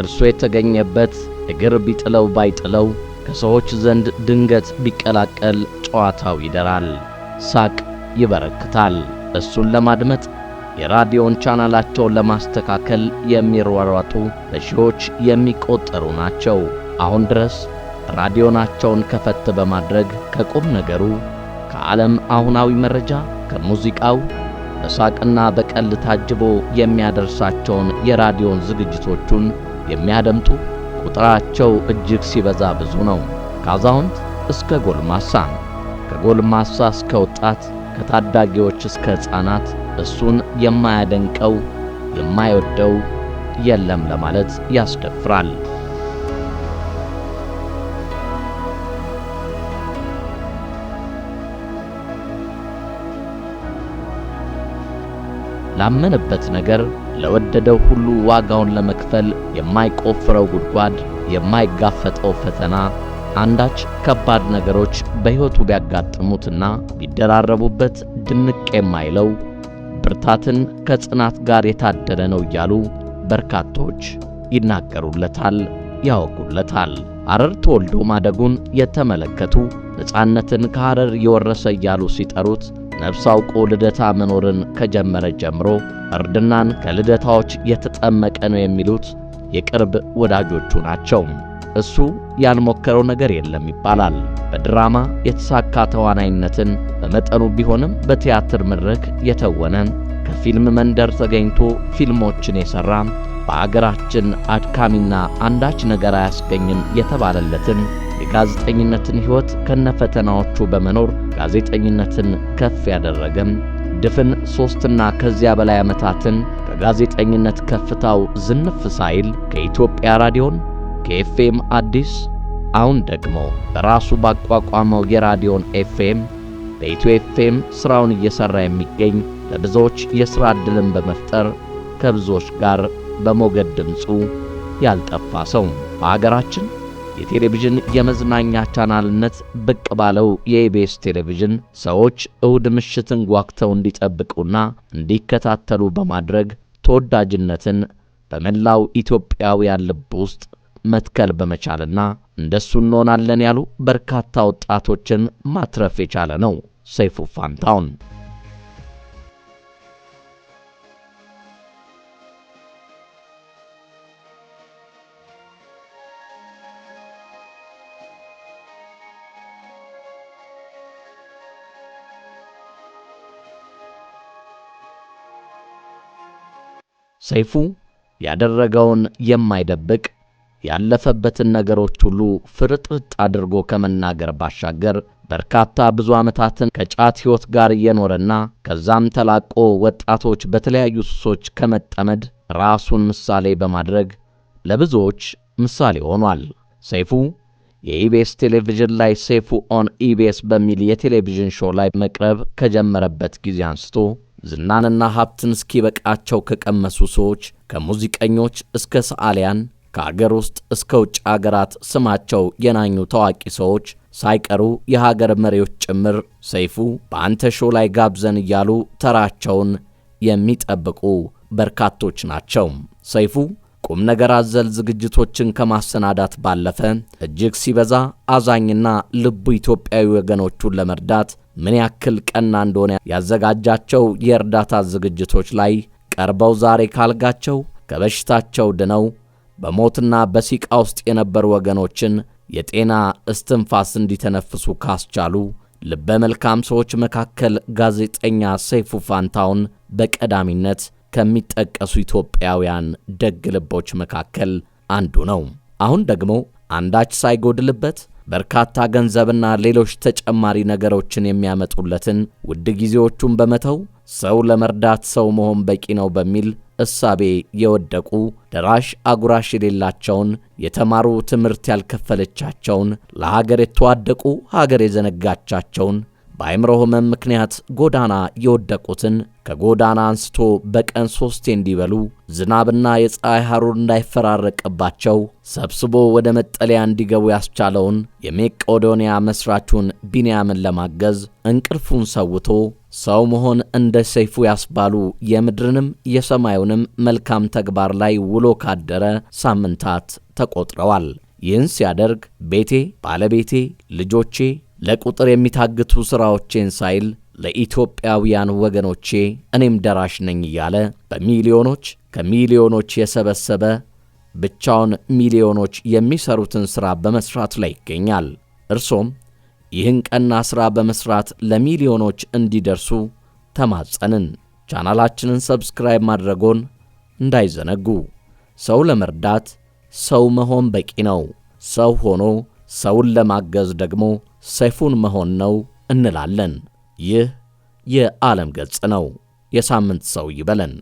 እርሱ የተገኘበት እግር ቢጥለው ባይጥለው ከሰዎች ዘንድ ድንገት ቢቀላቀል ጨዋታው ይደራል፣ ሳቅ ይበረክታል። እሱን ለማድመጥ የራዲዮን ቻናላቸውን ለማስተካከል የሚሯሯጡ በሺዎች የሚቆጠሩ ናቸው። አሁን ድረስ ራዲዮናቸውን ከፈት በማድረግ ከቁም ነገሩ፣ ከዓለም አሁናዊ መረጃ፣ ከሙዚቃው በሳቅና በቀል ታጅቦ የሚያደርሳቸውን የራዲዮን ዝግጅቶቹን የሚያደምጡ ቁጥራቸው እጅግ ሲበዛ ብዙ ነው። ከአዛውንት እስከ ጎልማሳ ነው። ከጎልማሳ እስከ ወጣት፣ ከታዳጊዎች እስከ ሕፃናት እሱን የማያደንቀው የማይወደው የለም ለማለት ያስደፍራል። ላመነበት ነገር ለወደደው ሁሉ ዋጋውን ለመክፈል የማይቆፍረው ጉድጓድ፣ የማይጋፈጠው ፈተና አንዳች ከባድ ነገሮች በሕይወቱ ቢያጋጥሙትና ቢደራረቡበት ድንቅ የማይለው ብርታትን ከጽናት ጋር የታደለ ነው እያሉ በርካቶች ይናገሩለታል፣ ያወጉለታል። ሐረር ተወልዶ ማደጉን የተመለከቱ ነፃነትን ከሐረር የወረሰ እያሉ ሲጠሩት ነፍስ አውቆ ልደታ መኖርን ከጀመረ ጀምሮ እርድናን ከልደታዎች የተጠመቀ ነው የሚሉት የቅርብ ወዳጆቹ ናቸው። እሱ ያልሞከረው ነገር የለም ይባላል። በድራማ የተሳካ ተዋናይነትን በመጠኑ ቢሆንም በቲያትር መድረክ የተወነ ከፊልም መንደር ተገኝቶ ፊልሞችን የሠራ በአገራችን አድካሚና አንዳች ነገር አያስገኝም የተባለለትን የጋዜጠኝነትን ሕይወት ከነፈተናዎቹ በመኖር ጋዜጠኝነትን ከፍ ያደረገም ድፍን ሦስትና ከዚያ በላይ ዓመታትን ከጋዜጠኝነት ከፍታው ዝንፍ ሳይል ከኢትዮጵያ ራዲዮን ከኤፍኤም አዲስ አሁን ደግሞ በራሱ ባቋቋመው የራዲዮን ኤፍኤም በኢትዮ ኤፍኤም ሥራውን እየሠራ የሚገኝ ለብዙዎች የሥራ ዕድልን በመፍጠር ከብዙዎች ጋር በሞገድ ድምፁ ያልጠፋ ሰው በአገራችን የቴሌቪዥን የመዝናኛ ቻናልነት ብቅ ባለው የኢቢኤስ ቴሌቪዥን ሰዎች እሁድ ምሽትን ጓግተው እንዲጠብቁና እንዲከታተሉ በማድረግ ተወዳጅነትን በመላው ኢትዮጵያውያን ልብ ውስጥ መትከል በመቻልና እንደሱ እንሆናለን ያሉ በርካታ ወጣቶችን ማትረፍ የቻለ ነው። ሰይፉ ፋንታውን ሰይፉ ያደረገውን የማይደብቅ ያለፈበትን ነገሮች ሁሉ ፍርጥርጥ አድርጎ ከመናገር ባሻገር በርካታ ብዙ ዓመታትን ከጫት ሕይወት ጋር እየኖረና ከዛም ተላቆ ወጣቶች በተለያዩ ሱሶች ከመጠመድ ራሱን ምሳሌ በማድረግ ለብዙዎች ምሳሌ ሆኗል። ሰይፉ የኢቢኤስ ቴሌቪዥን ላይ ሰይፉ ኦን ኢቢኤስ በሚል የቴሌቪዥን ሾው ላይ መቅረብ ከጀመረበት ጊዜ አንስቶ ዝናንና ሀብትን እስኪበቃቸው ከቀመሱ ሰዎች ከሙዚቀኞች እስከ ሰዓሊያን ከአገር ውስጥ እስከ ውጭ አገራት ስማቸው የናኙ ታዋቂ ሰዎች ሳይቀሩ የሀገር መሪዎች ጭምር ሰይፉ በአንተ ሾው ላይ ጋብዘን እያሉ ተራቸውን የሚጠብቁ በርካቶች ናቸው። ሰይፉ ቁም ነገር አዘል ዝግጅቶችን ከማሰናዳት ባለፈ እጅግ ሲበዛ አዛኝና ልቡ ኢትዮጵያዊ ወገኖቹን ለመርዳት ምን ያክል ቀና እንደሆነ ያዘጋጃቸው የእርዳታ ዝግጅቶች ላይ ቀርበው ዛሬ ካልጋቸው ከበሽታቸው ድነው በሞትና በሲቃ ውስጥ የነበሩ ወገኖችን የጤና እስትንፋስ እንዲተነፍሱ ካስቻሉ ልበ መልካም ሰዎች መካከል ጋዜጠኛ ሰይፉ ፋንታውን በቀዳሚነት ከሚጠቀሱ ኢትዮጵያውያን ደግ ልቦች መካከል አንዱ ነው። አሁን ደግሞ አንዳች ሳይጎድልበት በርካታ ገንዘብና ሌሎች ተጨማሪ ነገሮችን የሚያመጡለትን ውድ ጊዜዎቹን በመተው ሰው ለመርዳት ሰው መሆን በቂ ነው በሚል እሳቤ የወደቁ ደራሽ አጉራሽ የሌላቸውን የተማሩ ትምህርት ያልከፈለቻቸውን ለሀገር የተዋደቁ ሀገር የዘነጋቻቸውን በአእምሮ ህመም ምክንያት ጎዳና የወደቁትን ከጎዳና አንስቶ በቀን ሦስቴ እንዲበሉ ዝናብና የፀሐይ ሐሩር እንዳይፈራረቅባቸው ሰብስቦ ወደ መጠለያ እንዲገቡ ያስቻለውን የሜቄዶንያ መሥራቹን ቢንያምን ለማገዝ እንቅልፉን ሰውቶ ሰው መሆን እንደ ሰይፉ ያስባሉ የምድርንም የሰማዩንም መልካም ተግባር ላይ ውሎ ካደረ ሳምንታት ተቆጥረዋል። ይህን ሲያደርግ ቤቴ፣ ባለቤቴ፣ ልጆቼ ለቁጥር የሚታግቱ ሥራዎቼን ሳይል ለኢትዮጵያውያን ወገኖቼ እኔም ደራሽ ነኝ እያለ በሚሊዮኖች ከሚሊዮኖች የሰበሰበ ብቻውን ሚሊዮኖች የሚሰሩትን ሥራ በመሥራት ላይ ይገኛል። እርሶም ይህን ቀና ሥራ በመሥራት ለሚሊዮኖች እንዲደርሱ ተማጸንን። ቻናላችንን ሰብስክራይብ ማድረጎን እንዳይዘነጉ። ሰው ለመርዳት ሰው መሆን በቂ ነው። ሰው ሆኖ ሰውን ለማገዝ ደግሞ ሰይፉን መሆን ነው እንላለን። ይህ የዓለም ገጽ ነው። የሳምንት ሰው ይበለን።